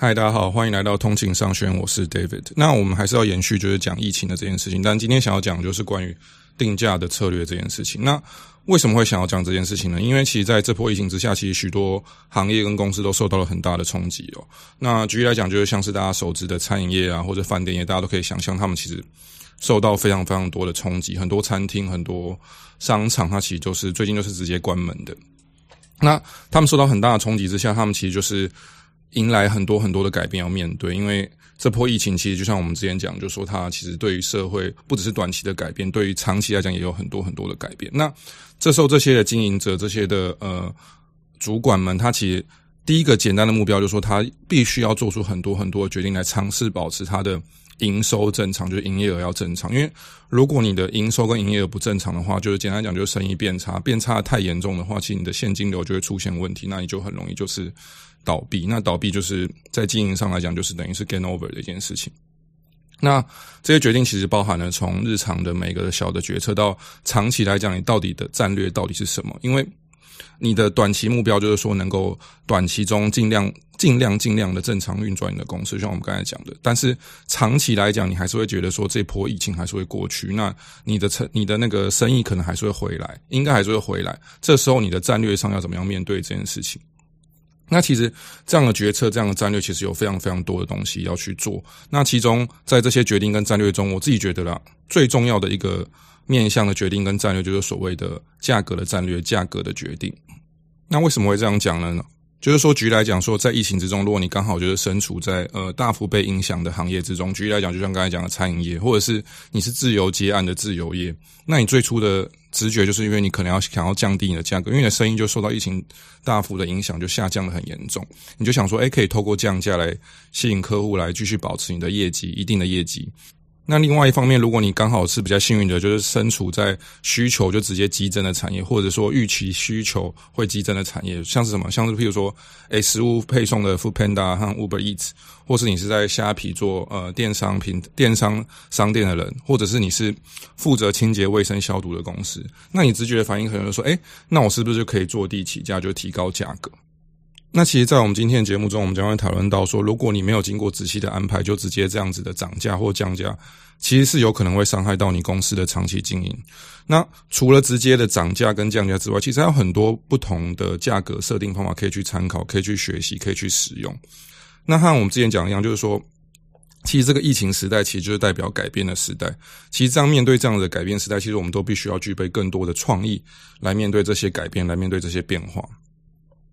嗨，Hi, 大家好，歡迎來到通勤商學院，我是 David。那我們還是要延續，就是講疫情的這件事情，但今天想要講的就是關於定價的策略這件事情。那為什麼會想要講這件事情呢？因為其實在這波疫情之下，其實許多行業跟公司都受到了很大的衝擊哦。那舉例來講，就是像是大家熟知的餐飲業啊，或者飯店業，大家都可以想象，他們其實受到非常非常多的衝擊。很多餐廳、很多商場，它其實就是最近就是直接關門的。那他們受到很大的衝擊之下，他們其實就是。迎來很多很多的改變要面對，因為這波疫情其實就像我們之前講，就說它其實對於社會不只是短期的改變，對於長期來講也有很多很多的改變。那這時候這些的經營者、這些的呃主管們，他其實第一個簡單的目標就是說，他必須要做出很多很多的決定來嘗試保持他的營收正常，就是營業額要正常。因為如果你的營收跟營業額不正常的話，就是簡單來講就是生意變差，變差太嚴重的話，其實你的現金流就會出現問題，那你就很容易就是。倒閉，那倒閉就是在經營上來講，就是等於是 game over 的一件事情。那這些決定其實包含了從日常的每個小的決策到長期來講，你到底的戰略到底是什麼？因為你的短期目標就是說，能夠短期中儘量、尽量、尽量的正常運轉你的公司，像我們剛才講的。但是長期來講，你還是會覺得說，這波疫情還是會過去，那你的成、你的那個生意可能還是會回來，應該還是會回來。這時候你的戰略上要怎麼樣面對這件事情？那其實這樣的決策、這樣的戰略，其實有非常非常多的東西要去做。那其中，在這些決定跟戰略中，我自己覺得啦，最重要的一個面向的決定跟戰略，就是所謂的價格的戰略、價格的決定。那為什麼會這樣講呢？就是說，舉例來講說，在疫情之中，如果你剛好就是身處在呃大幅被影響的行業之中，舉例來講，就像剛才講的餐飲業，或者是你是自由接案的自由業，那你最初的直覺就是因為你可能要想要降低你的價格，因為你的生意就受到疫情大幅的影響，就下降的很嚴重，你就想說，誒、欸，可以透過降價來吸引客戶來繼續保持你的業績，一定的業績。那另外一方面，如果你剛好是比較幸運的，就是身處在需求就直接激增的產業，或者說，預期需求會激增的產業，像是什麼，像是譬如說，誒、欸，食物配送的 Food Panda 和 Uber Eats，或是你是在蝦皮做呃電商品電商商店的人，或者是你是負責清潔衛生消毒的公司，那你直覺的反應可能就說，誒、欸，那我是不是就可以坐地起價就提高價格？那其實，在我們今天的節目中，我們將會討論到說，如果你沒有經過仔細的安排，就直接這樣子的漲價或降價，其實是有可能會傷害到你公司的長期經營。那除了直接的漲價跟降價之外，其實還有很多不同的價格設定方法可以去參考、可以去學習、可以去使用。那和我們之前講的一樣，就是說，其實這個疫情時代，其實就是代表改變的時代。其實，這樣面對這樣的改變時代，其實我們都必須要具備更多的創意，來面對這些改變，來面對這些變化。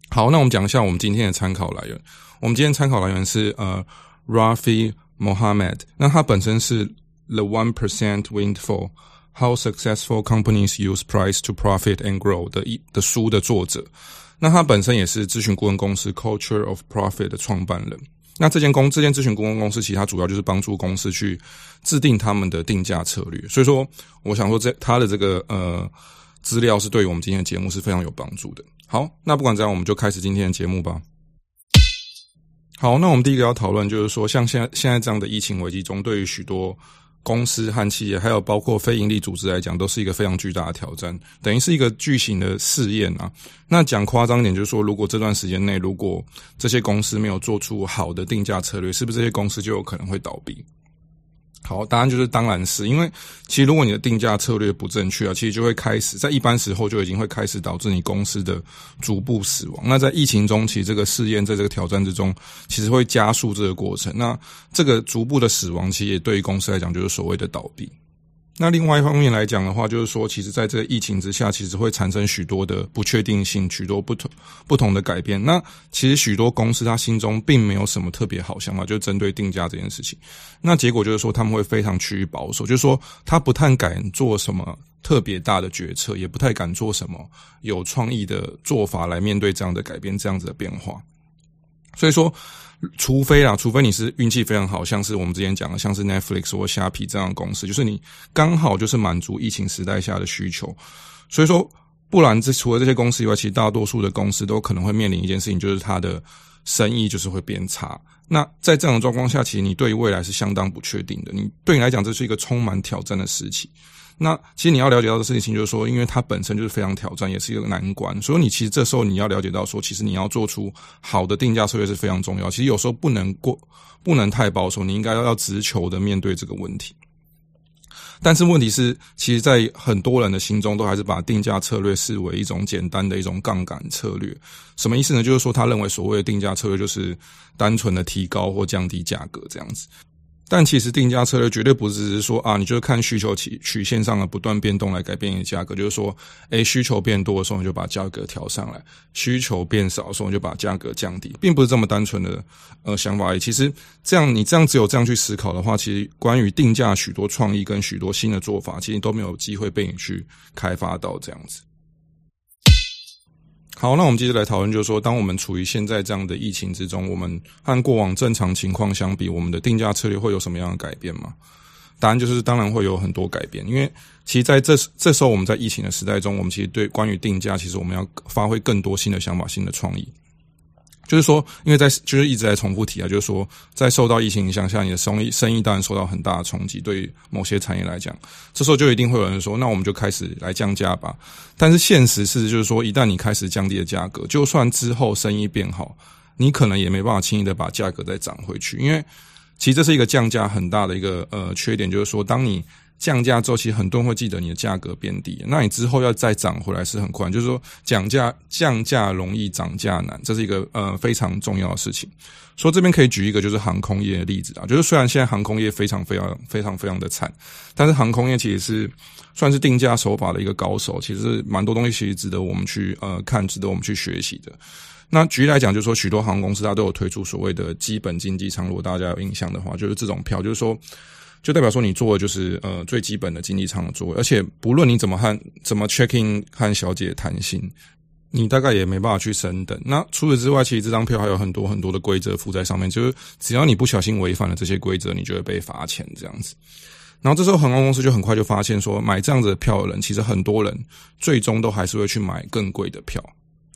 好，那我們講一下我們今天的參考來源。我們今天的參考來源是呃，Rafi Mohammed。那他本身是《The 1% Windfall: How Successful Companies Use Price to Profit and Grow》的一的書的作者。那他本身也是諮詢顧問公司 Culture of Profit 的創辦人。那這間公這間諮詢顧問公司，其他主要就是幫助公司去制定他們的定價策略。所以說，我想說這他的這個呃資料是對於我們今天的節目是非常有幫助的。好，那不管怎樣，我們就開始今天的節目吧。好，那我們第一個要討論，就是說，像現在現在這樣的疫情危機中，對於許多公司和企業，還有包括非營利組織來講，都是一個非常巨大的挑戰，等於是一個巨型的試驗啊。那講誇張點，就是說，如果這段時間內，如果這些公司沒有做出好的定價策略，是不是這些公司就有可能會倒閉？好，答案就是當然是，因為其實如果你的定價策略不正確啊，其實就會開始在一般時候就已經會開始導致你公司的逐步死亡。那在疫情中期，這個試驗在這個挑戰之中，其實會加速這個過程。那這個逐步的死亡，其實也對於公司來講就是所謂的倒閉。那另外一方面來講的話，就是說，其實，在這個疫情之下，其實會產生許多的不確定性，許多不同不同的改變。那其實許多公司他心中並沒有什麼特別好想法，就針對定價這件事情。那結果就是說，他們會非常趨於保守，就是說，他不太敢做什麼特別大的決策，也不太敢做什麼有創意的做法來面對這樣的改變，這樣子的變化。所以說，除非啦，除非你是運氣非常好，像是我們之前講的，像是 Netflix 或蝦皮這樣的公司，就是你剛好就是滿足疫情時代下的需求。所以說，不然這除了這些公司以外，其實大多數的公司都可能會面臨一件事情，就是它的生意就是會變差。那在這樣的狀況下，其實你對於未來是相當不確定的。你對你來講，這是一個充滿挑戰的時期。那其實你要了解到的事情就是說，因為它本身就是非常挑戰，也是一個難關，所以你其實這時候你要了解到說，說其實你要做出好的定價策略是非常重要。其實有時候不能過，不能太保守，你應該要，要直球的面對這個問題。但是問題是，其實，在很多人的心中，都還是把定價策略視為一種簡單的一種槓桿策略。什麼意思呢？就是說，他認為所謂的定價策略就是單純的提高或降低價格這樣子。但其實定價策略絕對不只是說啊，你就看需求曲曲線上的不斷變動來改變你的價格，就是說，哎、欸，需求變多的時候你就把價格調上來，需求變少的時候你就把價格降低，並不是這麼單純的呃想法而已。其實這樣，你這樣只有這樣去思考的話，其實關於定價許多創意跟許多新的做法，其實你都沒有機會被你去開發到這樣子。好，那我們接着來討論，就是說，當我們處於現在這樣的疫情之中，我們和過往正常情況相比，我們的定價策略會有什麼樣的改變嗎？答案就是，當然會有很多改變，因為其實在這這時候，我們在疫情的時代中，我們其實對關於定價，其實我們要發揮更多新的想法、新的創意。就是說，因為在就是一直在重複提啊，就是說，在受到疫情影響下，你的生意生意當然受到很大的衝擊。對於某些產業來講，這時候就一定會有人說：“那我們就開始來降價吧。”但是現實是，就是說，一旦你開始降低的價格，就算之後生意變好，你可能也沒辦法輕易的把價格再漲回去。因為其實這是一個降價很大的一個呃缺點，就是說，當你。降價周期，很多人會記得你的價格變低，那你之後要再漲回來是很快。就是說，降，降價，降價容易，漲價難，這是一個呃非常重要的事情。說，這邊可以舉一個就是航空業的例子啊，就是雖然現在航空業非常非常非常非常的慘，但是航空業其實是算是定價手法的一個高手，其實蠻多東西其實值得我們去呃看，值得我們去學習的。那舉例來講，就是說，許多航空公司它都有推出所謂的基本經濟艙，如果大家有印象的話，就是這種票，就是說。就代表說你做的就是呃最基本的經濟艙的座位，而且不論你怎麼和怎麼 check in 和小姐談心，你大概也沒辦法去升等。那除此之外，其實這張票還有很多很多的規則附在上面，就是只要你不小心違反了這些規則，你就會被罰錢這樣子。然後這時候航空公司就很快就發現說，買這樣子的票的人其實很多人最終都還是會去買更貴的票。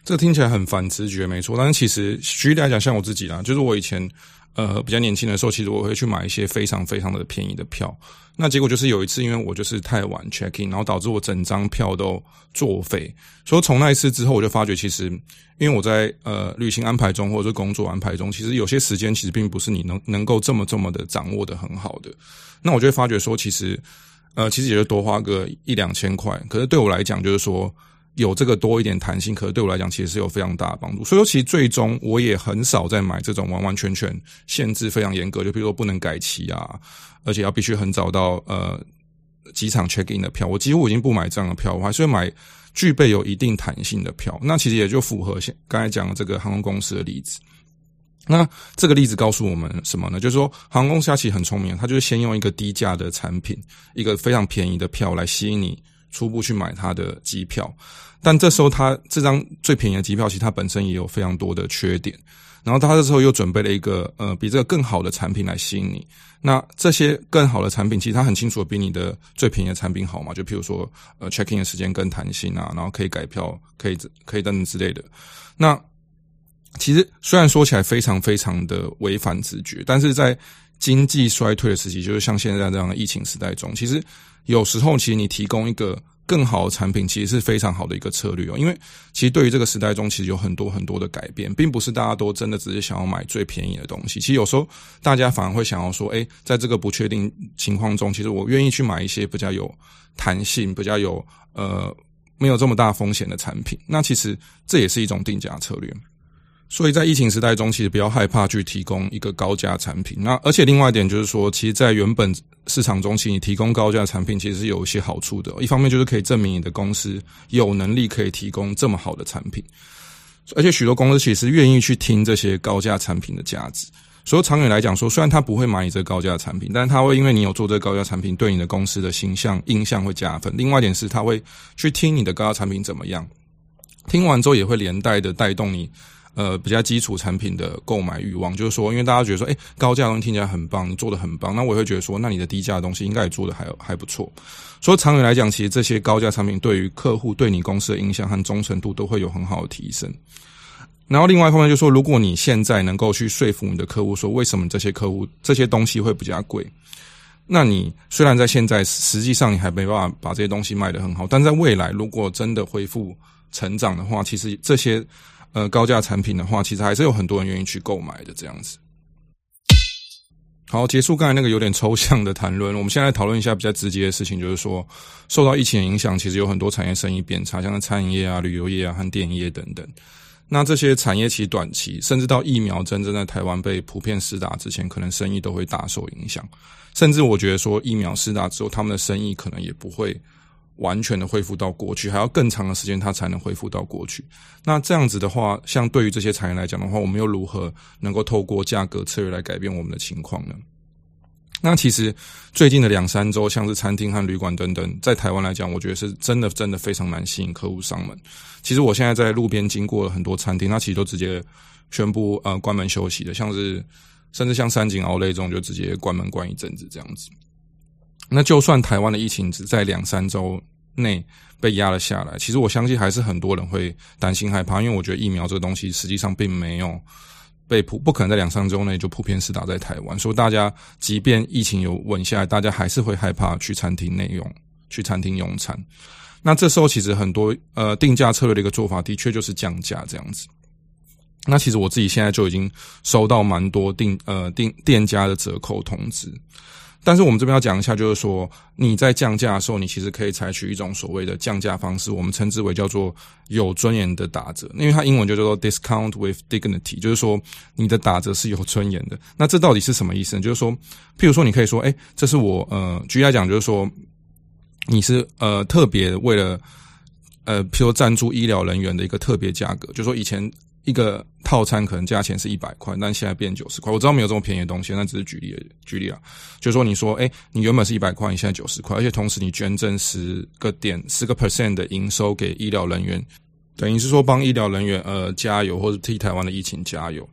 這聽起來很反直覺，沒錯，但是其實舉例來講，像我自己啦，就是我以前。呃，比較年輕的時候，其實我會去買一些非常非常的便宜的票。那結果就是有一次，因為我就是太晚 check in，然後導致我整張票都作廢。所以從那一次之後，我就發覺，其實因為我在呃旅行安排中或者是工作安排中，其實有些時間其實並不是你能能夠這麼這麼的掌握的很好的。那我就會發覺說，其實呃，其實也就多花個一兩千塊，可是對我來講就是說。有這個多一點彈性，可是對我來講其實是有非常大的幫助。所以其實最終我也很少在買這種完完全全限制非常嚴格，就比如說不能改期啊，而且要必須很早到呃機場 check in 的票。我幾乎已經不買這樣的票，我還是買具備有一定彈性的票。那其實也就符合現剛才講的這個航空公司的例子。那這個例子告訴我們什麼呢？就是說航空公司它其實很聰明，它就是先用一個低價的產品，一個非常便宜的票來吸引你。初步去買他的機票，但這時候他這張最便宜的機票，其實它本身也有非常多的缺點。然後他這時候又準備了一個呃比這個更好的產品來吸引你。那這些更好的產品，其實他很清楚比你的最便宜的產品好嘛？就譬如說，呃，checking 的時間更彈性啊，然後可以改票，可以可以等等之類的。那其實雖然說起來非常非常的違反直覺，但是在經濟衰退的時期，就是像現在這樣的疫情時代中，其實。有時候，其實你提供一個更好的產品，其實是非常好的一個策略哦。因為其實對於這個時代中，其實有很多很多的改變，並不是大家都真的只是想要買最便宜的東西。其實有時候大家反而會想要說，哎，在這個不確定情況中，其實我願意去買一些比較有彈性、比較有呃沒有這麼大風險的產品。那其實這也是一種定價策略。所以在疫情時代中，其實不要害怕去提供一個高價產品。那而且另外一點就是說，其實，在原本市場中，你提供高價產品其實是有一些好處的。一方面就是可以證明你的公司有能力可以提供這麼好的產品，而且許多公司其實願意去聽這些高價產品的價值。所以長遠來講，說雖然他不會買你這個高價產品，但他會因為你有做這個高價產品，對你的公司的形象印象會加分。另外一點是，他會去聽你的高價產品怎麼樣，聽完之後也會連帶的帶動你。呃，比較基礎產品的購買慾望，就是說，因為大家覺得說，誒、欸，高價東西聽起來很棒，你做得很棒，那我會覺得說，那你的低價的東西應該也做得還還不錯。所以長遠來講，其實這些高價產品對於客戶對你公司的印象和忠誠度都會有很好的提升。然後另外一方面就是說，如果你現在能夠去說服你的客戶說，為什麼這些客戶這些東西會比較貴？那你雖然在現在實際上你還沒辦法把這些東西賣得很好，但在未來如果真的恢復成長的話，其實這些。呃，高價產品的話，其實還是有很多人願意去購買的。這樣子，好，結束剛才那個有點抽象的談論，我們現在討論一下比較直接的事情，就是說，受到疫情的影響，其實有很多產業生意變差，像餐飲業啊、旅遊業啊和電影業等等。那這些產業，其實短期甚至到疫苗真正在台灣被普遍施打之前，可能生意都會大受影響。甚至我覺得說，疫苗施打之後，他們的生意可能也不會。完全的恢復到過去，還要更長的時間，它才能恢復到過去。那這樣子的話，像對於這些產業來講的話，我們又如何能夠透過價格策略來改變我們的情況呢？那其實最近的兩三周，像是餐廳和旅館等等，在台灣來講，我覺得是真的真的非常難吸引客戶上門。其實我現在在路邊經過了很多餐廳，那其實都直接宣布呃關門休息的，像是甚至像三井奧萊這種就直接關門關一陣子這樣子。那就算台灣的疫情只在兩三周內被壓了下來，其實我相信還是很多人會擔心害怕，因為我覺得疫苗這個東西實際上並沒有被普，不可能在兩三周內就普遍施打在台灣，所以大家即便疫情有穩下來，大家還是會害怕去餐廳內用，去餐廳用餐。那這時候其實很多呃定價策略的一個做法，的確就是降價這樣子。那其實我自己現在就已經收到蠻多定呃定店家的折扣通知。但是我們這邊要講一下，就是說你在降價的時候，你其實可以採取一種所謂的降價方式，我們稱之為叫做有尊嚴的打折。因為它英文就叫做 discount with dignity，就是說你的打折是有尊嚴的。那這到底是什麼意思呢？就是說，譬如說你可以說，哎，這是我呃，舉例來講，就是說你是呃特別為了呃，譬如說贊助醫療人員的一個特別價格，就是說以前。一個套餐可能價錢是一百塊，但現在變九十塊。我知道沒有這麼便宜的東西，那只是舉例舉例啊。就是說你說，哎、欸，你原本是一百塊，你現在九十塊，而且同時你捐贈十個點、十個 percent 的營收給醫療人員，等於是說幫醫療人員呃加油，或者替台灣的疫情加油。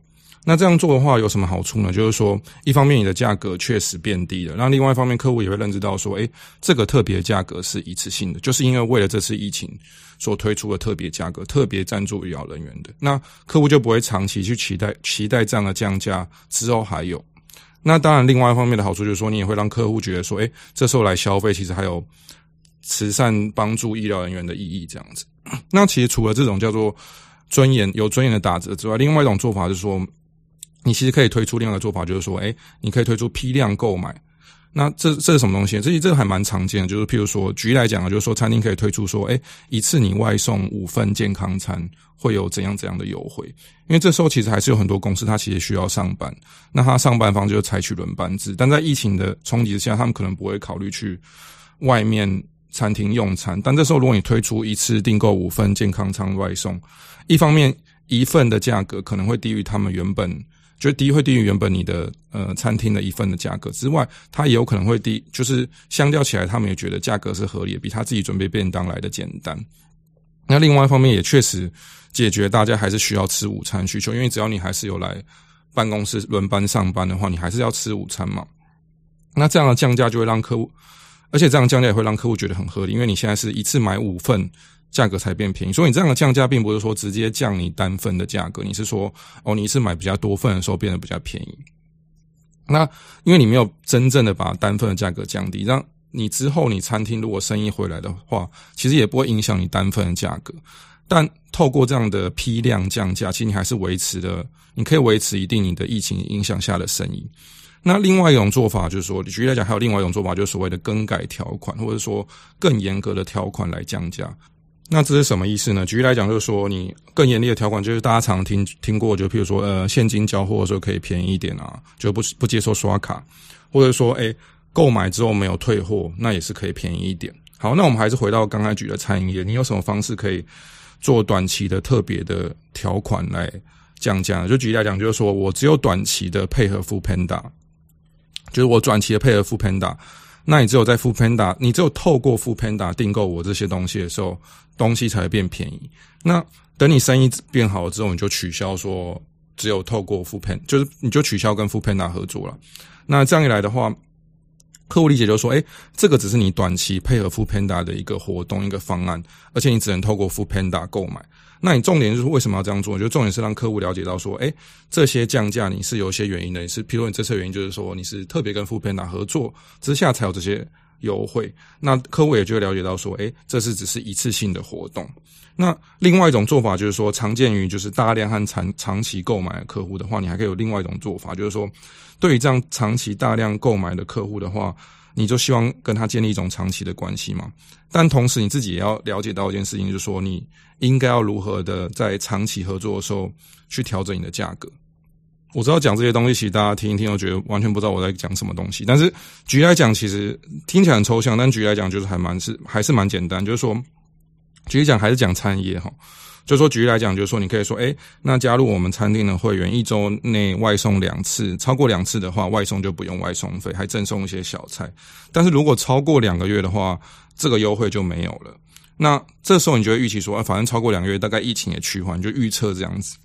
那這樣做的話有什麼好處呢？就是說，一方面你的價格確實變低了，那另外一方面客戶也會認知到說，哎、欸，這個特別價格是一次性的，就是因為為了這次疫情所推出的特別價格，特別贊助醫療人員的。那客戶就不會長期去期待期待這樣的降價之後還有。那當然，另外一方面的好處就是說，你也會讓客戶覺得說，哎、欸，這時候來消費其實還有慈善幫助醫療人員的意義這樣子。那其實除了這種叫做尊嚴，有尊嚴的打折之外，另外一種做法是說，你其實可以推出另外一個做法，就是說，哎，你可以推出批量購買。那這這是什麼東西？這這還蠻常見的，就是譬如說，舉例來講啊，就是說，餐廳可以推出說，哎，一次你外送五份健康餐會有怎樣怎樣的優惠？因為這時候其實還是有很多公司，他其實需要上班，那他上班方就採取輪班制，但在疫情的衝擊之下，他們可能不會考慮去外面餐廳用餐。但這時候，如果你推出一次訂購五份健康餐外送，一方面一份的價格可能會低於他們原本，就低會低於原本你的呃餐廳的一份的價格之外，它也有可能會低，就是相較起來，他們也覺得價格是合理的，比他自己準備便當來的簡單。那另外一方面也確實解決大家還是需要吃午餐需求，因為只要你還是有來辦公室輪班上班的話，你還是要吃午餐嘛。那這樣的降價就會讓客戶，而且這樣的降價也會讓客戶覺得很合理，因為你現在是一次買五份。價格才變便宜，所以你這樣的降價並不是說直接降你單份的價格，你是說哦，你一次買比較多份的時候變得比較便宜。那因為你沒有真正的把單份的價格降低，讓你之後你餐廳如果生意回來的話，其實也不會影響你單份的價格。但透過這樣的批量降價，其實你還是維持的，你可以維持一定你的疫情影響下的生意。那另外一種做法就是說，舉例來講，還有另外一種做法就是所謂的更改條款，或者說更嚴格的條款來降價。那這是什麼意思呢？舉例來講，就是說你更嚴厲的條款，就是大家常聽聽過，就是、譬如說，呃，現金交貨的時候可以便宜一點啊，就不不接受刷卡，或者說，哎、欸，購買之後沒有退貨，那也是可以便宜一點。好，那我們還是回到剛才舉的餐飲業，你有什麼方式可以做短期的特別的條款來降價？就舉例來講，就是說我只有短期的配合付 Panda，就是我短期的配合付 Panda。那你只有在 Foodpanda，你只有透過 Foodpanda 訂購我這些東西的時候，東西才會變便宜。那等你生意變好了之後，你就取消說，只有透過 Foodpanda，就是你就取消跟 Foodpanda 合作了。那這樣一來的話，客戶理解就說，哎、欸，這個只是你短期配合 Foodpanda 的一個活動、一個方案，而且你只能透過 Foodpanda 購買。那你重點就是為什麼要這樣做？就重點是讓客戶了解到說，哎、欸，這些降價你是有一些原因的，也是，譬如你這次原因就是說你是特別跟 Foodpanda 合作，之下才有這些優惠。那客戶也就會了解到說，哎、欸，這是只是一次性的活動。那另外一種做法就是說，常見於就是大量和長長期購買的客戶的話，你還可以有另外一種做法，就是說，對於這樣長期大量購買的客戶的話。你就希望跟他建立一種長期的關係嘛？但同時你自己也要了解到一件事情，就是說你應該要如何的在長期合作的時候去調整你的價格。我知道講這些東西，其實大家聽一聽都覺得完全不知道我在講什麼東西。但是舉例來講，其實聽起來很抽象，但舉例來講就是還蠻是還是蠻簡單，就是說舉例來講還是講餐業齁。就說舉例來講，就是說你可以說，誒，那加入我們餐廳的會員，一周內外送兩次，超過兩次的話，外送就不用外送費，還贈送一些小菜。但是如果超過兩個月的話，這個優惠就沒有了。那這時候你就會預期說，啊，反正超過兩個月，大概疫情也趨緩，就預測這樣子。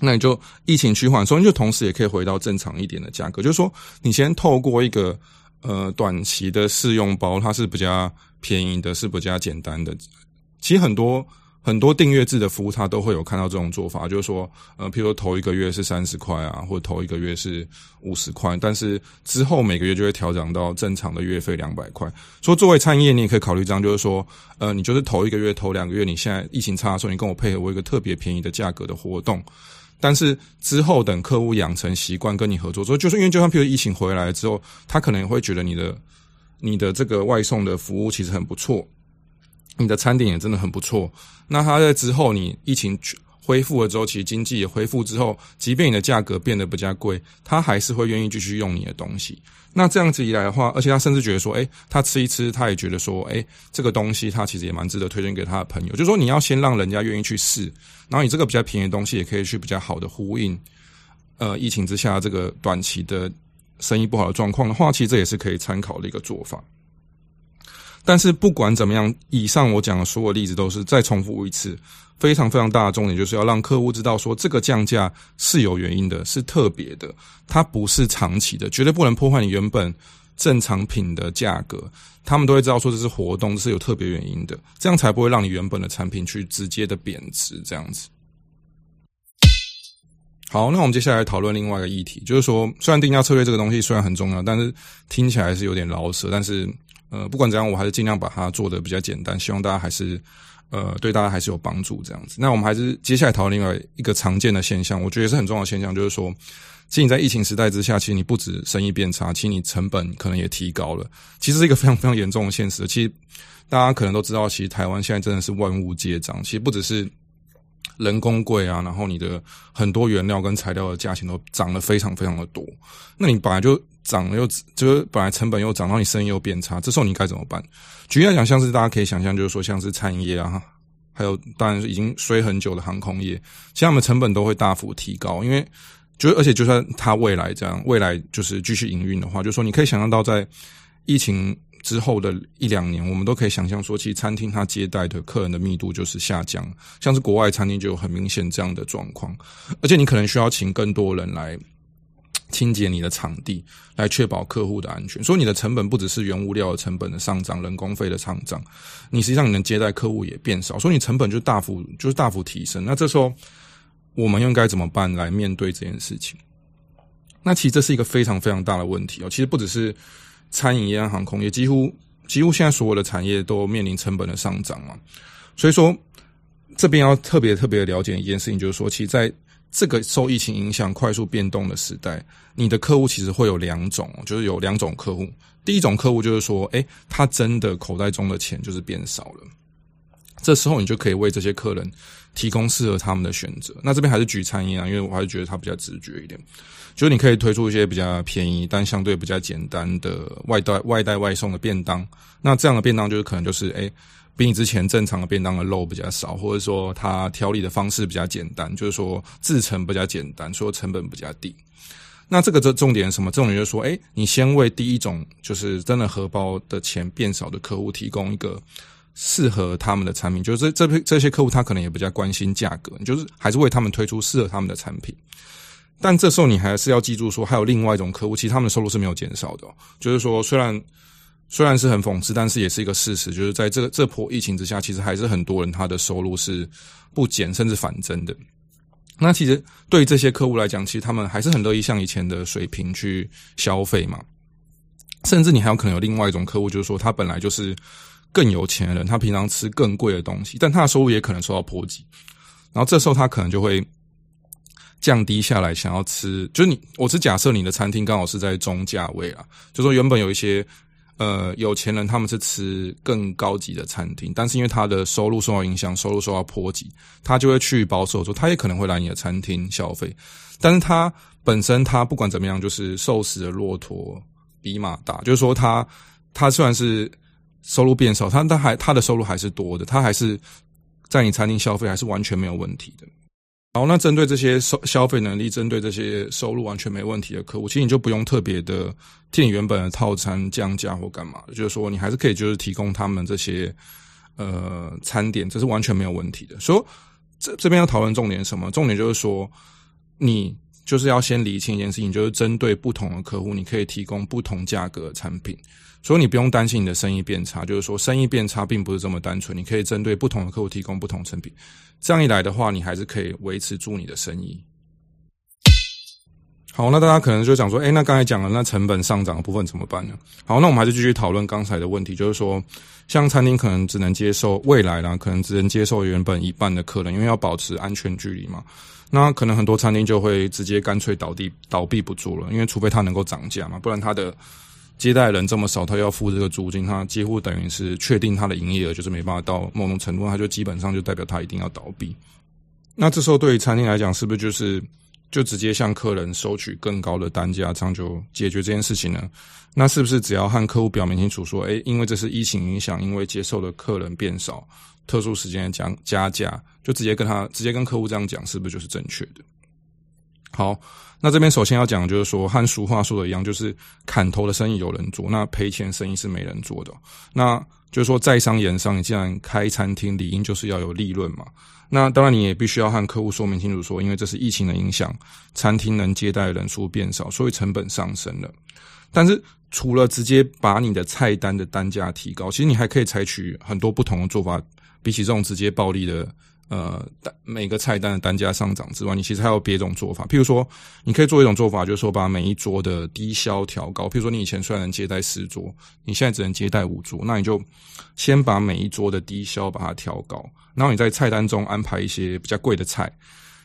那你就疫情趨緩，所以就同時也可以回到正常一點的價格。就是說，你先透過一個呃短期的試用包，它是比較便宜的，是比較簡單的。其實很多。很多訂閱制的服務，他都會有看到這種做法，就是說，呃，譬如說頭一個月是三十塊啊，或者頭一個月是五十塊，但是之後每個月就會調整到正常的月費兩百塊。說作為餐飲業，你也可以考慮這樣，就是說，呃，你就是頭一個月、頭兩個月，你現在疫情差的時候，你跟我配合，我一個特別便宜的價格的活動，但是之後等客戶養成習慣跟你合作，說就是因為就像譬如疫情回來之後，他可能會覺得你的你的這個外送的服務其實很不錯。你的餐點也真的很不錯。那他在之後，你疫情恢復了之後，其實經濟也恢復之後，即便你的價格變得比較貴，他還是會願意繼續用你的東西。那這樣子一來的話，而且他甚至覺得說，哎、欸，他吃一吃，他也覺得說，哎、欸，這個東西他其實也蠻值得推薦給他的朋友。就是說，你要先讓人家願意去試，然後你這個比較便宜的東西也可以去比較好的呼應。呃，疫情之下這個短期的生意不好的狀況的話，其實這也是可以參考的一個做法。但是不管怎麼樣，以上我講的所有例子都是再重複一次，非常非常大的重點就是要讓客戶知道說這個降價是有原因的，是特別的，它不是長期的，絕對不能破壞你原本正常品的價格。他們都會知道說這是活動，這是有特別原因的，這樣才不會讓你原本的產品去直接的貶值。這樣子。好，那我們接下來討論另外一個議題，就是說雖然定價策略這個東西雖然很重要，但是聽起來是有點老舍，但是。呃，不管怎樣，我還是盡量把它做得比較簡單，希望大家還是，呃，對大家還是有幫助這樣子。那我們還是接下來討論另外一個常見的現象，我覺得也是很重要的現象，就是說，其實你在疫情時代之下，其實你不止生意變差，其實你成本可能也提高了，其實是一個非常非常嚴重的現實。其實大家可能都知道，其實台灣現在真的是萬物皆漲，其實不只是。人工貴啊，然後你的很多原料跟材料的價錢都漲得非常非常的多，那你本來就漲了又就是本來成本又漲到你生意又變差，這時候你該怎麼辦？舉例來講，像是大家可以想象，就是說像是餐飲業啊，還有當然是已經衰很久的航空業，現在他們的成本都會大幅提高，因為就是而且就算它未來這樣，未來就是繼續營運的話，就是說你可以想象到在疫情。之後的一兩年，我們都可以想象說，其實餐廳它接待的客人的密度就是下降，像是國外餐廳就有很明顯這樣的狀況。而且你可能需要請更多人來清潔你的場地，來確保客戶的安全。所以你的成本不只是原物料的成本的上漲，人工費的上漲，你實際上你能接待客戶也變少，所以你成本就大幅就是大幅提升。那這時候我們又應該怎麼辦來面對這件事情？那其實這是一個非常非常大的問題哦，其實不只是。餐飲業啊，航空也幾乎幾乎現在所有的產業都面臨成本的上漲嘛，所以說這邊要特別特別了解一件事情，就是說，其實在這個受疫情影響快速變動的時代，你的客戶其實會有兩種，就是有兩種客戶。第一種客戶就是說，哎、欸，他真的口袋中的錢就是變少了，這時候你就可以為這些客人提供適合他們的選擇。那這邊還是舉餐飲啊，因為我還是覺得他比較直覺一點。就是你可以推出一些比較便宜但相對比較簡單的外帶外帶外送的便當，那這樣的便當就是可能就是誒、欸，比你之前正常的便當的肉比較少，或者說它調理的方式比較簡單，就是說製程比較簡單，所以成本比較低。那這個這重點是什麼？重點就是說，誒、欸，你先為第一種就是真的荷包的錢變少的客戶提供一個適合他們的產品，就是這批這些客戶他可能也比較關心價格，就是還是為他們推出適合他們的產品。但這時候你還是要記住說，還有另外一種客戶，其實他們收入是沒有減少的哦。就是說，雖然雖然是很諷刺，但是也是一個事實，就是在這這波疫情之下，其實還是很多人他的收入是不減甚至反增的。那其實對於這些客戶來講，其實他們還是很樂意像以前的水平去消費嘛。甚至你還有可能有另外一種客戶，就是說他本來就是更有錢的人，他平常吃更貴的東西，但他的收入也可能受到波及。然後這時候他可能就會。降低下來，想要吃，就是你，我是假設你的餐廳剛好是在中價位啊。就是說原本有一些呃有錢人，他們是吃更高級的餐廳，但是因為他的收入受到影響，收入受到波及，他就會去保守說，他也可能會來你的餐廳消費。但是他本身他不管怎麼樣，就是瘦死的駱駝比馬大，就是說他他雖然是收入變少，他他還他的收入還是多的，他還是在你餐廳消費，還是完全沒有問題的。然後，那針對這些收消費能力、針對這些收入完全沒問題的客戶，其實你就不用特別的替你原本的套餐降價或幹嘛，就是說你還是可以就是提供他們這些呃餐點，這是完全沒有問題的。所以這這邊要討論重點是什麼？重點就是說，你就是要先理清一件事情，就是針對不同的客戶，你可以提供不同價格的產品。所以你不用擔心你的生意變差，就是說生意變差並不是這麼單純。你可以針對不同的客戶提供不同產品，這樣一來的話，你還是可以維持住你的生意。好，那大家可能就想說，誒、欸，那剛才講了，那成本上漲的部分怎麼辦呢？好，那我們還是繼續討論剛才的問題，就是說，像餐廳可能只能接受未來啦，可能只能接受原本一半的客人，因為要保持安全距離嘛。那可能很多餐廳就會直接乾脆倒閉，倒閉不住了，因為除非它能夠漲價嘛，不然它的。接待人這麼少，他要付這個租金，他幾乎等於是確定他的營業額就是沒辦法到某種程度，他就基本上就代表他一定要倒閉。那這時候對於餐廳來講，是不是就是就直接向客人收取更高的單價，這樣就解決這件事情呢？那是不是只要和客戶表明清楚說，哎，因為這是疫情影響，因為接受的客人變少，特殊時間講加價，就直接跟他，直接跟客戶這樣講，是不是就是正確的？好，那這邊首先要講，就是說和俗話說的一樣，就是砍頭的生意有人做，那賠錢生意是沒人做的。那就是說，在商言商，你既然開餐廳，理應就是要有利潤嘛。那當然，你也必須要和客戶說明清楚說，說因為這是疫情的影響，餐廳能接待的人數變少，所以成本上升了。但是除了直接把你的菜單的單價提高，其實你還可以採取很多不同的做法，比起這種直接暴力的。呃，單每個菜單的單價上漲之外，你其實還有別種做法。譬如說，你可以做一種做法，就是說把每一桌的低消調高。譬如說，你以前雖然能接待十桌，你現在只能接待五桌，那你就先把每一桌的低消把它調高，然後你在菜單中安排一些比較貴的菜。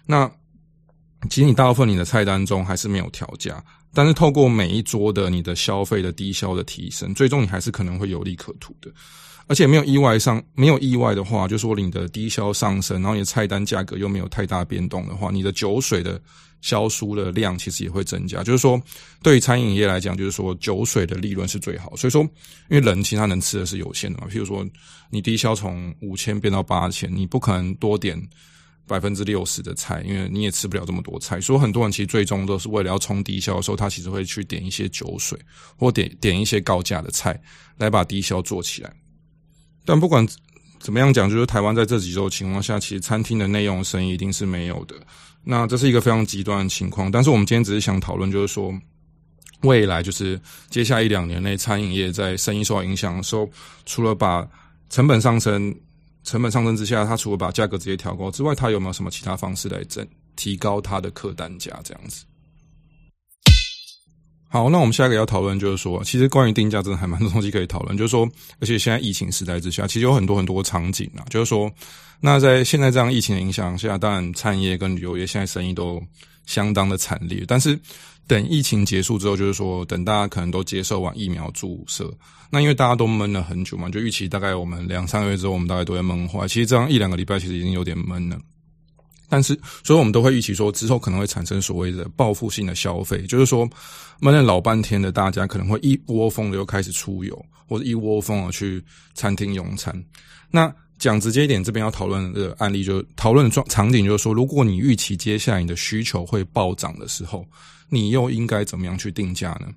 那其實你大部分你的菜單中還是沒有調價，但是透過每一桌的你的消費的低消的提升，最終你還是可能會有利可圖的。而且沒有意外上沒有意外的話，就是說你的低消上升，然後你的菜單價格又沒有太大變動的話，你的酒水的銷售的量其實也會增加。就是說，對於餐飲業來講，就是說酒水的利潤是最好。所以說，因為人其實他能吃的是有限的嘛。譬如說，你低消從五千變到八千，你不可能多點百分之六十的菜，因為你也吃不了這麼多菜。所以很多人其實最終都是為了要衝低消的時候，他其實會去點一些酒水，或點點一些高價的菜來把低消做起來。但不管怎麼樣講，就是台灣在這幾周情況下，其實餐廳的內用生意一定是沒有的。那這是一個非常極端的情況。但是我們今天只是想討論，就是說未來就是接下一兩年內，餐飲業在生意受到影響的時候，除了把成本上升、成本上升之下，它除了把價格直接調高之外，它有沒有什麼其他方式來增提高它的客單價這樣子？好，那我們下一個要討論就是說，其實關於定價真的還蠻多東西可以討論。就是說，而且現在疫情時代之下，其實有很多很多場景啊。就是說，那在現在這樣疫情的影響下，當然餐飲業跟旅遊業現在生意都相當的慘烈。但是等疫情結束之後，就是說等大家可能都接受完疫苗注射，那因為大家都悶了很久嘛，就預期大概我們兩三個月之後，我們大概都會悶壞。其實這樣一兩個禮拜，其實已經有點悶了。但是，所以我們都會預期說，之後可能會產生所謂的報復性的消費，就是說悶了老半天的大家，可能會一窩蜂的又開始出遊，或者一窩蜂的去餐廳用餐。那講直接一點，這邊要討論的案例，就是討論的狀場景，就是說，如果你預期接下來你的需求會暴漲的時候，你又應該怎麼樣去定價呢？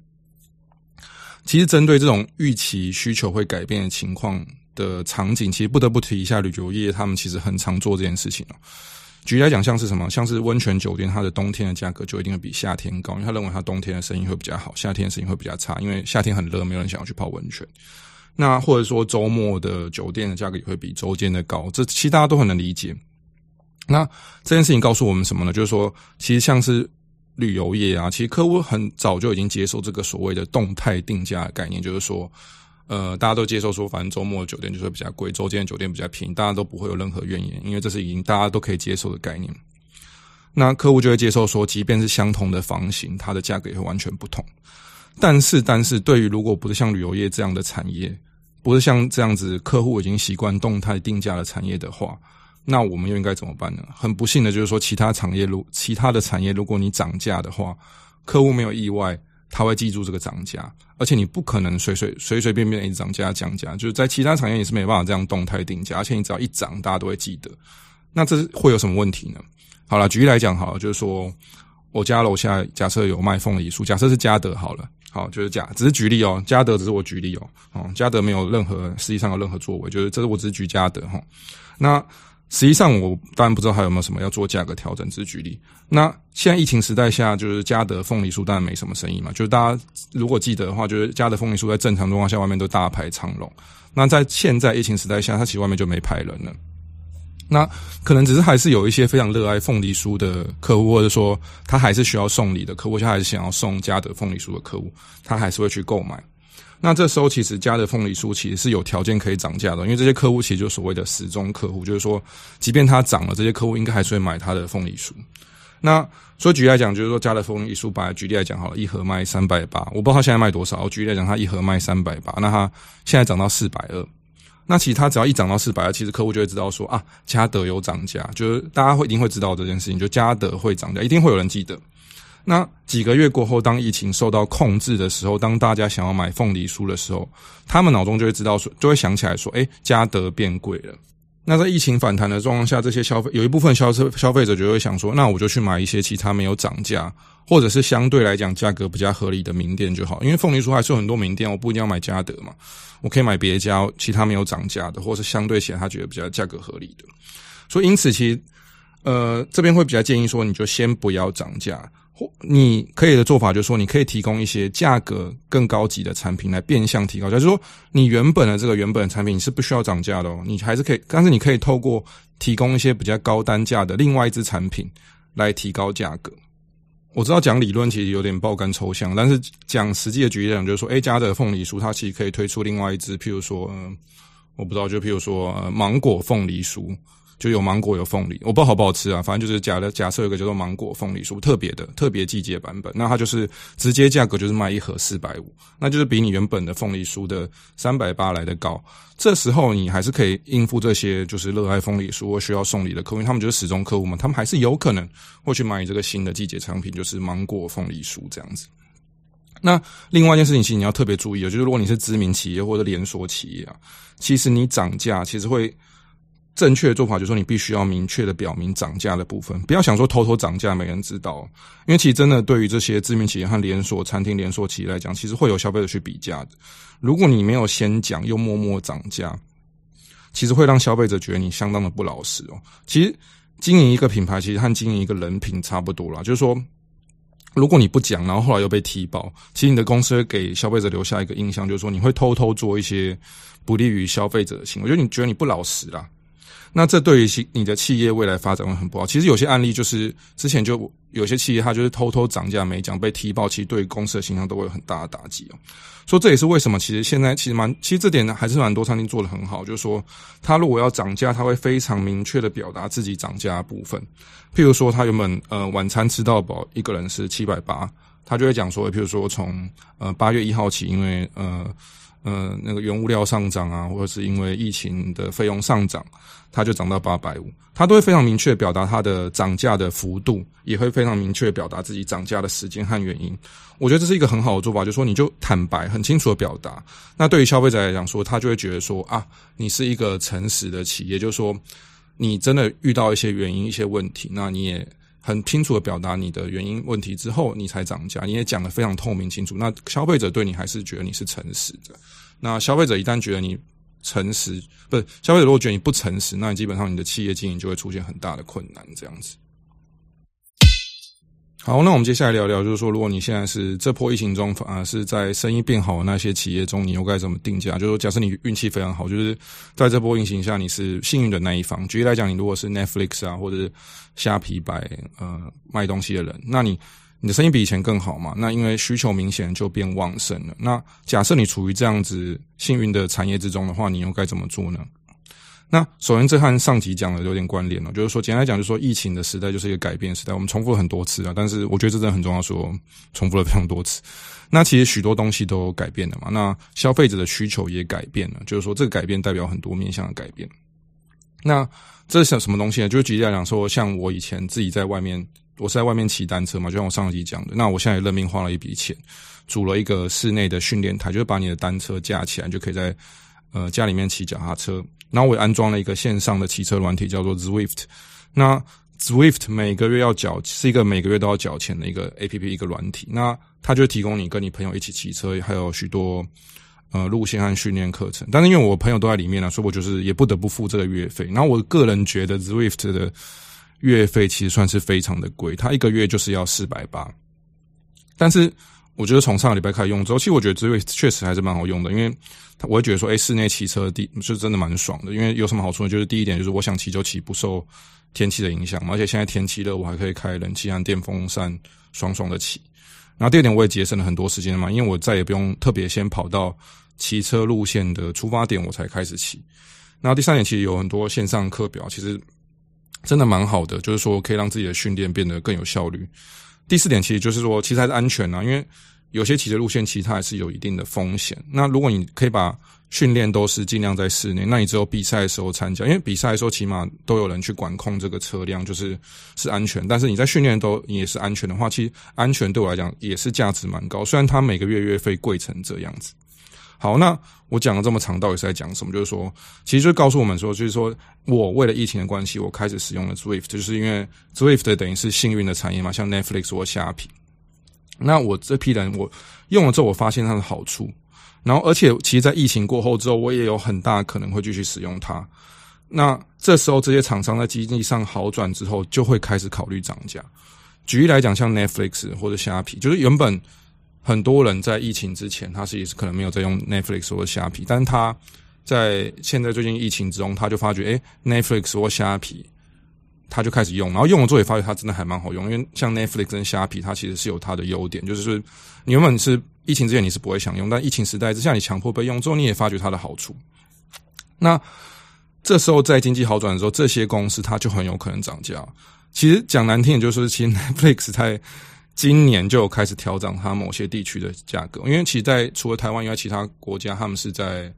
其實，針對這種預期需求會改變的情況的場景，其實不得不提一下，旅遊業他們其實很常做這件事情哦。舉例來講像是什麼？像是溫泉酒店，它的冬天的價格就一定會比夏天高，因為他認為它冬天的生意會比較好，夏天的生意會比較差，因為夏天很熱，沒有人想要去泡溫泉。那或者說周末的酒店的價格也會比周間的高，這其實大家都很能理解。那這件事情告訴我們什麼呢？就是說，其實像是旅遊業啊，其實客戶很早就已經接受這個所謂的動態定價的概念，就是說。呃，大家都接受說，反正週末的酒店就是比較貴，週間的酒店比較便宜，大家都不會有任何怨言，因為這是已經大家都可以接受的概念。那客戶就會接受說，即便是相同的房型，它的價格也會完全不同。但是，但是對於如果不是像旅遊業這樣的產業，不是像這樣子客戶已經習慣動態定價的產業的話，那我們又應該怎麼辦呢？很不幸的就是說，其他產業如其他的產業，如果你漲價的話，客戶沒有意外。他會記住這個漲價，而且你不可能隨隨隨隨便便一直漲價降價，就是在其他產業也是沒辦法這樣動態定價，而且你只要一漲，大家都會記得。那這是會有什麼問題呢？好了，舉例來講好了，就是說我家樓下假設有賣鳳梨酥，假設是嘉德好了，好就是假，只是舉例哦，嘉德只是我舉例哦，嘉德沒有任何實際上有任何作為，就是這是我只是舉嘉德哈、哦，那。實際上，我當然不知道還有沒有什麼要做價格調整之舉例。那現在疫情時代下，就是佳德鳳梨酥當然沒什麼生意嘛。就是大家如果記得的話，就是佳德鳳梨酥在正常狀況下外面都大排長龍。那在現在疫情時代下，它其實外面就沒排人了。那可能只是還是有一些非常熱愛鳳梨酥的客戶，或者說他還是需要送禮的客戶，他還是想要送佳德鳳梨酥的客戶，他還是會去購買。那這時候其實佳德鳳梨酥其實是有條件可以漲價的，因為這些客戶其實就所謂的死忠客戶，就是說，即便它漲了，這些客戶應該還是會買它的鳳梨酥。那所以舉例來講，就是說佳德鳳梨酥，把舉例來講好了，一盒賣三百八，我不知道它現在賣多少，我舉例來講它一盒賣三百八，那它現在漲到四百二，那其實他只要一漲到四百二，其實客戶就會知道說啊，佳德有漲價，就是大家會一定會知道這件事情，就佳德會漲價，一定會有人記得。那幾個月過後，當疫情受到控制的時候，當大家想要買鳳梨酥的時候，他們腦中就會知道說，就會想起來說：“哎、欸，嘉德變貴了。”那在疫情反彈的狀況下，這些消費有一部分消費消費者就會想說：“那我就去買一些其他沒有漲價，或者是相對來講價格比較合理的名店就好。”因為鳳梨酥還是有很多名店，我不一定要買嘉德嘛，我可以買別家其他沒有漲價的，或者是相對起來他覺得比較價格合理的。所以，因此其呃，這邊會比較建議說，你就先不要漲價。你可以的做法就是說，你可以提供一些價格更高級的產品來變相提高，就是說你原本的這個原本的產品你是不需要漲價的哦，你還是可以，但是你可以透過提供一些比較高單價的另外一支產品來提高價格。我知道講理論其實有點爆肝抽象，但是講實際的舉例講就是說，A、欸、加的鳳梨酥它其實可以推出另外一支，譬如說、呃，我不知道，就譬如說、呃、芒果鳳梨酥。就有芒果有鳳梨，我不知道好不好吃啊，反正就是假的。假設有一個叫做芒果鳳梨酥，特別的特別季節版本，那它就是直接價格就是賣一盒四百五，那就是比你原本的鳳梨酥的三百八來的高。這時候你還是可以應付這些就是熱愛鳳梨酥或需要送禮的客戶，因為他們就是始終客戶嘛，他們還是有可能會去買你這個新的季節產品，就是芒果鳳梨酥這樣子。那另外一件事情其實你要特別注意的，就是如果你是知名企業或者連鎖企業啊，其實你漲價其實會。正確的做法就是說，你必須要明確的表明漲價的部分，不要想說偷偷漲價沒人知道，哦，因為其實真的對於這些知名企業和連鎖餐廳連鎖企業來講，其實會有消費者去比價的。如果你沒有先講，又默默漲價，其實會讓消費者覺得你相當的不老實哦。其實經營一個品牌，其實和經營一個人品差不多了，就是說，如果你不講，然後後來又被提爆，其實你的公司會給消費者留下一個印象，就是說你會偷偷做一些不利於消費者的行，我覺得你覺得你不老實啦。那這對於你的企業未來發展會很不好。其實有些案例就是之前就有些企業它就是偷偷漲價沒講被踢爆，其實對公司的形象都會有很大的打擊哦。說這也是為什麼，其實現在其實蠻其實這點呢還是蠻多餐廳做得很好，就是說他如果要漲價，他會非常明確的表達自己漲價的部分。譬如說他原本呃晚餐吃到飽一個人是七百八，他就會講說，譬如說從呃八月一號起，因為呃。呃，那個原物料上漲啊，或者是因為疫情的費用上漲，它就漲到八百五，它都會非常明確表達它的漲價的幅度，也會非常明確表達自己漲價的時間和原因。我覺得這是一個很好的做法，就是說你就坦白、很清楚的表達。那對於消費者來講說，他就會覺得說啊，你是一個誠實的企業，就是說你真的遇到一些原因、一些問題，那你也。很清楚的表達你的原因問題之後，你才漲價，你也講得非常透明清楚。那消費者對你還是覺得你是誠實的。那消費者一旦覺得你誠實，不是，消費者如果覺得你不誠實，那你基本上你的企業經營就會出現很大的困難，這樣子。好，那我們接下來聊聊，就是說，如果你現在是這波疫情中啊，反而是在生意變好的那些企業中，你又該怎麼定價？就是說，假設你運氣非常好，就是在這波疫情下你是幸運的那一方。舉例來講，你如果是 Netflix 啊，或者是蝦皮白呃賣東西的人，那你你的生意比以前更好嘛？那因為需求明顯就變旺盛了。那假設你處於這樣子幸運的產業之中的話，你又該怎麼做呢？那首先，這和上集講的有點關聯了，就是說，簡單來講，就是說，疫情的時代就是一個改變時代。我們重複了很多次啊，但是我覺得這真的很重要，說重複了非常多次。那其實許多東西都改變了嘛，那消費者的需求也改變了，就是說，這個改變代表很多面向的改變。那這是什麼東西呢？就是舉例來講，說像我以前自己在外面，我是在外面騎單車嘛，就像我上集講的，那我現在也認命花了一筆錢，租了一個室內的訓練台，就是把你的單車架起來，就可以在呃家裡面騎腳踏車。然後我安裝了一個線上的騎車軟體，叫做 Zwift。那 Zwift 每個月要繳，是一個每個月都要繳錢的一個 APP 一個軟體。那它就提供你跟你朋友一起騎車，還有許多，呃，路線和訓練課程。但是因為我朋友都在裡面啊，所以我就是也不得不付這個月費。然後我個人覺得 Zwift 的月費其實算是非常的貴，它一個月就是要四百八，但是。我覺得從上個禮拜開始用之後，其實我覺得這個確實還是蠻好用的，因為，我會覺得說，誒，室內騎車的地是真的蠻爽的，因為有什麼好處呢？就是第一點，就是我想騎就騎，不受天氣的影響嘛，而且現在天氣熱，我還可以開冷氣和電風扇，爽爽的騎。然後第二點，我也節省了很多時間嘛，因為我再也不用特別先跑到騎車路線的出發點我才開始騎。然後第三點，其實有很多線上課表，其實真的蠻好的，就是說可以讓自己的訓練變得更有效率。第四點其實就是說，其實還是安全啊，因為有些騎的路線其實它還是有一定的風險。那如果你可以把訓練都是盡量在室內，那你只有比賽的時候參加，因為比賽的時候起碼都有人去管控這個車輛，就是是安全。但是你在訓練都也是安全的話，其實安全對我來講也是價值蠻高。雖然它每個月月費貴成這樣子。好，那我講了這麼長，到底是在講什麼？就是說，其實就告訴我們說，就是說我為了疫情的關係，我開始使用了 Zwift，就是因為 Zwift 等於是幸運的產業嘛，像 Netflix 或蝦皮。那我這批人，我用了之後，我發現它的好處。然後，而且其實，在疫情過後之後，我也有很大可能會繼續使用它。那這時候，這些廠商在經濟上好轉之後，就會開始考慮漲價。舉例來講，像 Netflix 或者蝦皮，就是原本。很多人在疫情之前，他是，也是可能沒有在用 Netflix 或蝦皮，但是他在現在最近疫情之中，他就發覺，誒，Netflix 或蝦皮，他就開始用，然後用了之後也發覺它真的還蠻好用。因為像 Netflix 跟蝦皮，它其實是有它的優點，就是你原本是疫情之前你是不會想用，但疫情時代之下，你強迫被用之後，你也發覺它的好處。那這時候在經濟好轉的時候，這些公司它就很有可能漲價。其實講難聽，也就是說，其實 Netflix 在。今年就開始調整它某些地區的價格，因為其實，在除了台灣以外其他國家，他們是在，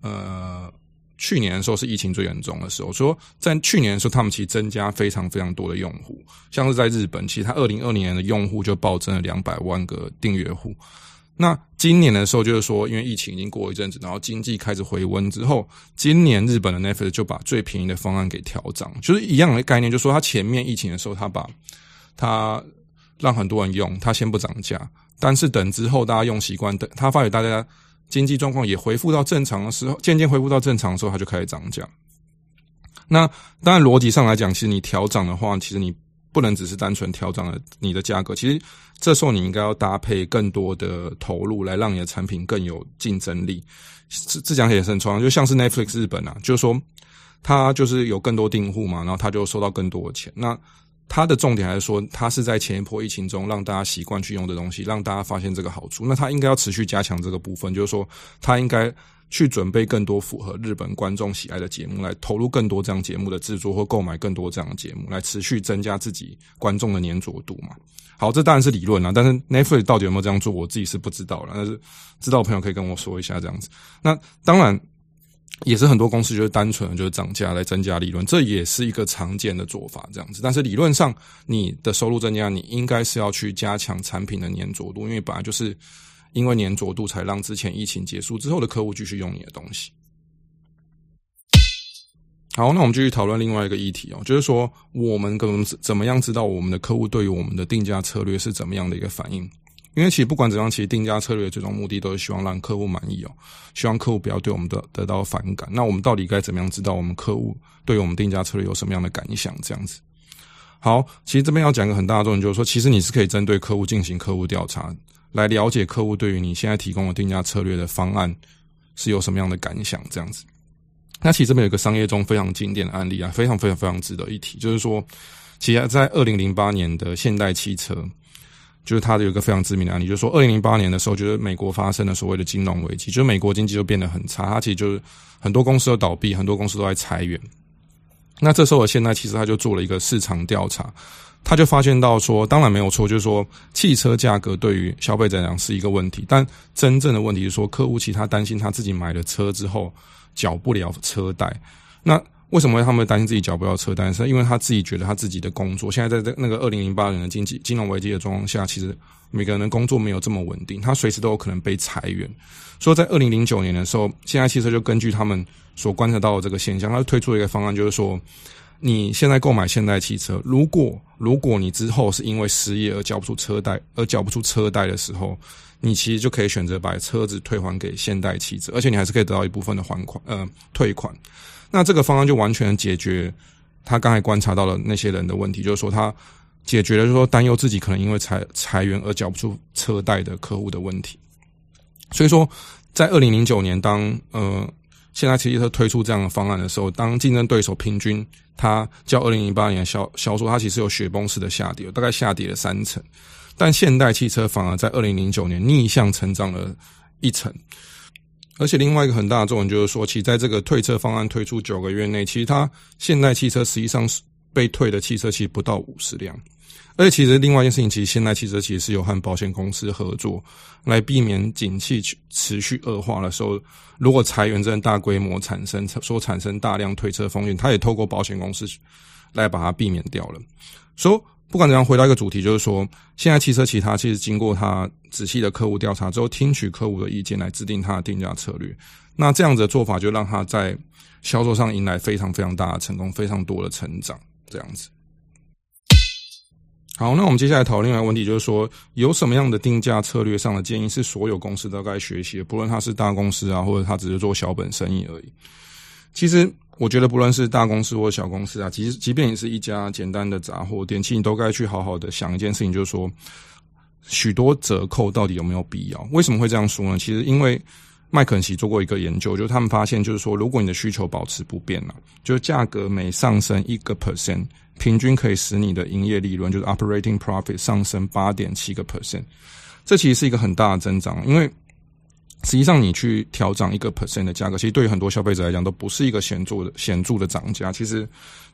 呃，去年的時候是疫情最嚴重的時候。所以在去年的時候，他們其實增加非常非常多的用戶，像是在日本，其實它二零二零年的用戶就暴增了兩百萬個訂閱戶。那今年的時候，就是說，因為疫情已經過一陣子，然後經濟開始回溫之後，今年日本的 Netflix 就把最便宜的方案給調漲，就是一樣的概念，就是說，它前面疫情的時候，它把它。讓很多人用，它，先不漲價，但是等之後大家用習慣，等他發覺大家經濟狀況也恢復到正常的時候，漸漸恢復到正常的時候，他就開始漲價。那當然邏輯上來講，其實你調漲的話，其實你不能只是單純調漲了你的價格，其實這時候你應該要搭配更多的投入來讓你的產品更有競爭力。這這講也是很重要，就像是 Netflix 日本啊，就是說他就是有更多訂戶嘛，然後他就收到更多的錢。那他的重點還是說，他是在前一波疫情中讓大家習慣去用的東西，讓大家發現這個好處。那他應該要持續加強這個部分，就是說，他應該去準備更多符合日本觀眾喜愛的節目，來投入更多這樣節目的製作或購買更多這樣節目，來持續增加自己觀眾的粘着度嘛。好，這當然是理論啦，但是 Netflix 到底有沒有這樣做，我自己是不知道啦。但是知道的朋友可以跟我說一下這樣子。那當然。也是很多公司就是單純的就是漲價來增加利潤，這也是一個常見的做法，這樣子。但是理論上，你的收入增加，你應該是要去加強產品的粘着度，因為本來就是因為粘着度才讓之前疫情結束之後的客戶繼續用你的東西。好，那我們繼續討論另外一個議題哦，就是說我們怎麼怎麼樣知道我們的客戶對於我們的定價策略是怎麼樣的一個反應？因為其實不管怎樣，其實定價策略的最終目的都是希望讓客戶滿意哦，希望客戶不要對我們的得到反感。那我們到底該怎麼樣知道我們客戶對於我們定價策略有什麼樣的感想？這樣子，好，其實這邊要講一個很大的重點，就是說，其實你是可以針對客戶進行客戶調查，來了解客戶對於你現在提供的定價策略的方案是有什麼樣的感想？這樣子。那其實這邊有一個商業中非常經典的案例啊，非常非常非常值得一提，就是說，其實，在二零零八年的現代汽車。就是他有一個非常知名的案例，就是說，二零零八年的時候，就是美國發生了所謂的金融危機，就是美國經濟就變得很差，他其實就是很多公司都倒閉，很多公司都在裁員。那這時候，現在其實他就做了一個市場調查，他就發現到說，當然沒有錯，就是說汽車價格對於消費者來講是一個問題，但真正的問題是說，客戶其他擔心他自己買了車之後繳不了車貸，那。為什麼他們會擔心自己繳不到車貸？是，因為他自己覺得他自己的工作現在在那個二零零八年的經濟金融危機的狀況下，其實每個人的工作沒有這麼穩定，他隨時都有可能被裁員。所以，在二零零九年的時候，現代汽車就根據他們所觀察到的這個現象，他推出了一個方案，就是說，你現在購買現代汽車，如果如果你之後是因為失業而交不出車貸而繳不出車貸的時候，你其實就可以選擇把車子退還給現代汽車，而且你還是可以得到一部分的還款，呃，退款。那這個方案就完全解決他剛才觀察到了那些人的問題，就是說他解決了，就是說擔憂自己可能因為裁裁員而繳不出車貸的客戶的問題。所以說，在二零零九年當呃，現代汽車推出這樣的方案的時候，當競爭對手平均他交二零零八年銷銷售，它其實有雪崩式的下跌，大概下跌了三成，但現代汽車反而在二零零九年逆向成長了一成。而且另外一個很大的作用就是說，其實在這個退車方案推出九個月內，其實它現代汽車實際上是被退的汽車其實不到五十輛。而且其實另外一件事情，其實現代汽車其實是有和保險公司合作來避免景氣持續惡化的時候，如果裁員這樣大規模產生，所產生大量退車風險，它也透過保險公司來把它避免掉了，說。不管怎樣，回到一個主題，就是說，現在汽車其他其實經過他仔細的客戶調查之後，聽取客戶的意見來制定他的定價策略。那這樣子的做法就讓他在銷售上迎來非常非常大的成功，非常多的成長。這樣子。好，那我們接下來討論一個問題，就是說，有什麼樣的定價策略上的建議是所有公司都該學習的？不論他是大公司啊，或者他只是做小本生意而已。其實。我覺得不論是大公司或小公司啊，其實即便你是一家簡單的雜貨店，其實你都該去好好的想一件事情，就是說許多折扣到底有沒有必要？為什麼會這樣說呢？其實因為麥肯錫做過一個研究，就是他們發現，就是說如果你的需求保持不變了啊，就是價格每上升一個 percent，平均可以使你的營業利潤就是 operating profit 上升八點七個 percent，這其實是一個很大的增長，因為。實際上，你去調整一個 percent 的價格，其實對於很多消費者來講都不是一個顯著的顯著的漲價。其實，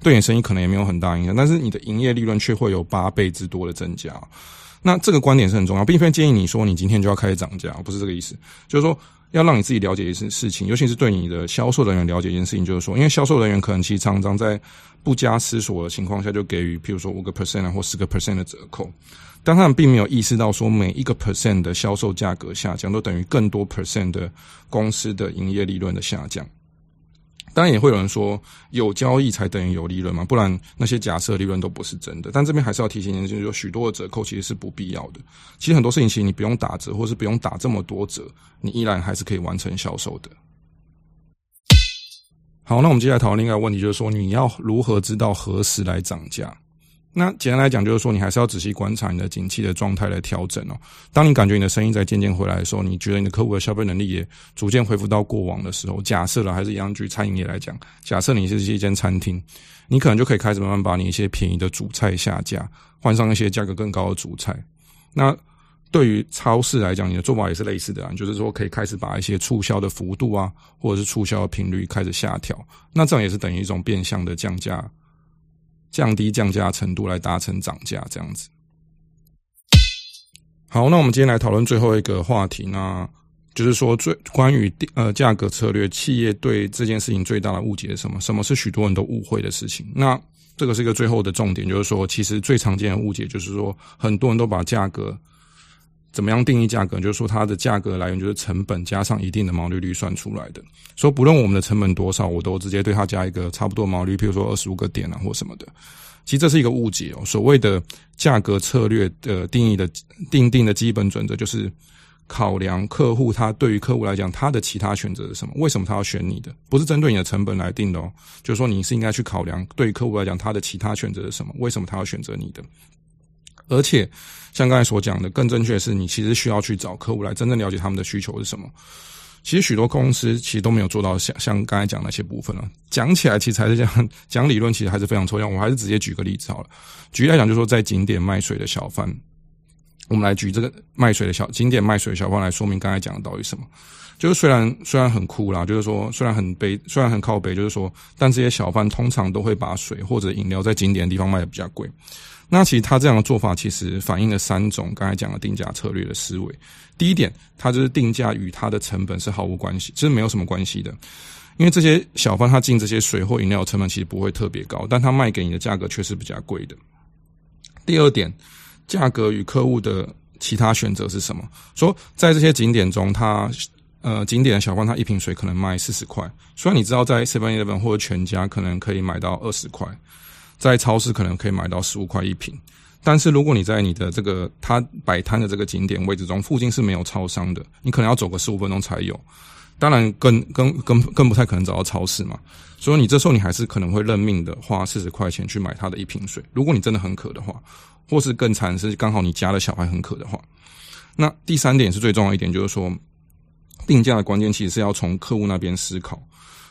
對你生意可能也沒有很大影響，但是你的營業利潤卻會有八倍之多的增加。那這個觀點是很重要，並非建議你說你今天就要開始漲價，不是這個意思。就是說，要讓你自己了解一件事情，尤其是對你的銷售人員了解一件事情，就是說，因為銷售人員可能其實常常在不加思索的情況下就給予，譬如說五個 percent 或十個 percent 的折扣。但他們並沒有意識到，說每一個 percent 的銷售價格下降，都等於更多 percent 的公司的營業利潤的下降。當然，也會有人說，有交易才等於有利潤嘛，不然那些假設利潤都不是真的。但這邊還是要提醒你，就是說，許多的折扣其實是不必要的。其實很多事情其實你不用打折，或是不用打這麼多折，你依然還是可以完成銷售的。好，那我們接下來討論另外一個問題，就是說你要如何知道何時來漲價？那簡單來講，就是說你還是要仔細觀察你的景氣的狀態來調整哦。當你感覺你的生意在漸漸回來的時候，你覺得你的客戶的消費能力也逐漸恢復到過往的時候，假設了還是一樣舉餐飲業來講，假設你是一間餐廳，你可能就可以開始慢慢把你一些便宜的主菜下架，換上一些價格更高的主菜。那對於超市來講，你的做法也是類似的，啊，就是說可以開始把一些促銷的幅度啊，或者是促銷的頻率開始下調，那這樣也是等於一種變相的降價。降低降價程度來達成漲價這樣子。好，那我們今天來討論最後一個話題，那就是說最關於呃價格策略，企業對這件事情最大的誤解是什麼？什麼是許多人都誤會的事情？那這個是一個最後的重點，就是說其實最常見的誤解就是說，很多人都把價格。怎麼樣定義價格？就是說，它的價格來源就是成本加上一定的毛利率算出來的。說不論我們的成本多少，我都直接對它加一個差不多毛利率，譬如說二十五個點啊或什麼的。其實這是一個誤解哦。所謂的價格策略的定義的定定的基本準則就是考量客戶，他對於客戶來講，他的其他選擇是什麼？為什麼他要選你的？不是針對你的成本來定的哦。就是說，你是應該去考量，對於客戶來講，他的其他選擇是什麼？為什麼他要選擇你的？而且，像剛才所講的，更正確的是，你其實需要去找客戶來真正了解他們的需求是什麼。其實許多公司其實都沒有做到像像剛才講的那些部分了。講起來其實還是這樣。講理論，其實還是非常抽象。我還是直接舉個例子好了。舉例來講，就是說在景點賣水的小販，我們來舉這個賣水的小景點賣水的小販來說明剛才講的到底什麼。就是雖然雖然很酷啦，就是說雖然很悲，雖然很靠北，就是說，但這些小販通常都會把水或者飲料在景點的地方賣得比較貴。那其實他這樣的做法，其實反映了三種剛才講的定價策略的思維。第一點，它就是定價與它的成本是毫無關係，其實沒有什麼關係的，因為這些小販他進這些水或飲料成本其實不會特別高，但他賣給你的價格卻是比較貴的。第二點，價格與客戶的其他選擇是什麼？說在這些景點中，他呃景點的小販他一瓶水可能賣四十塊，雖然你知道在 Seven Eleven 或者全家可能可以買到二十塊。在超市可能可以買到十五塊一瓶，但是如果你在你的這個他擺攤的這個景點位置中，附近是沒有超商的，你可能要走個十五分鐘才有，當然更更更更不太可能找到超市嘛，所以你這時候你還是可能會認命的，花四十塊錢去買他的一瓶水。如果你真的很渴的話，或是更慘是剛好你家的小孩很渴的話，那第三點是最重要一點，就是說定價的關鍵其實是要從客戶那邊思考。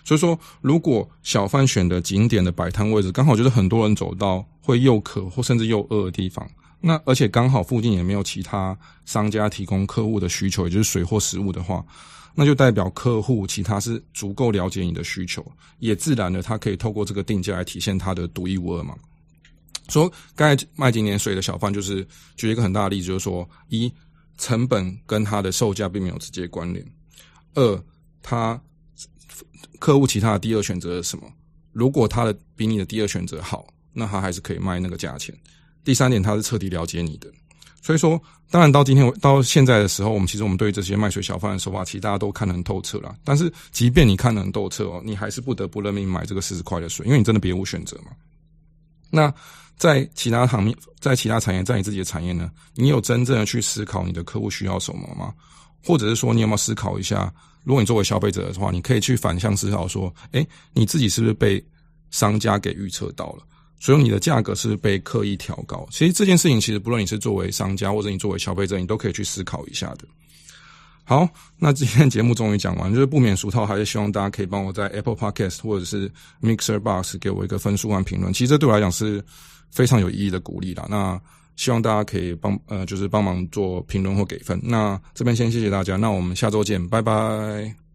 所以說，如果小販選的景點的擺攤位置剛好就是很多人走到會又渴或甚至又餓的地方，那而且剛好附近也沒有其他商家提供客戶的需求，也就是水或食物的話，那就代表客戶其他是足夠了解你的需求，也自然的他可以透過這個定價來體現他的獨一無二嘛。說剛才賣景點水的小販就是舉一個很大的例子，就是說，一成本跟它的售價並沒有直接關聯；二它。他客戶其他的第二選擇是什麼？如果他的比你的第二選擇好，那他還是可以賣那個價錢。第三點，他是徹底了解你的。所以說，當然到今天到現在的時候，我們其實我們對這些賣水小販的手法，其實大家都看得很透徹了。但是，即便你看得很透徹哦，你還是不得不認命買這個四十塊的水，因為你真的別無選擇嘛。那在其他行業，在其他產業，在你自己的產業呢？你有真正的去思考你的客戶需要什麼嗎？或者是說，你有沒有思考一下？如果你作為消費者的話，你可以去反向思考說，哎，你自己是不是被商家給預測到了？所以你的價格是不是被刻意調高？其實這件事情，其實不論你是作為商家或者你作為消費者，你都可以去思考一下的。好，那今天節目終於講完，就是不免俗套，還是希望大家可以幫我在 Apple Podcast 或者是 Mixer Box 給我一個分數和評論。其實這對我來講是非常有意義的鼓勵啦。那希望大家可以幫，呃，就是幫忙做評論或給分。那這邊先謝謝大家，那我們下周見，拜拜。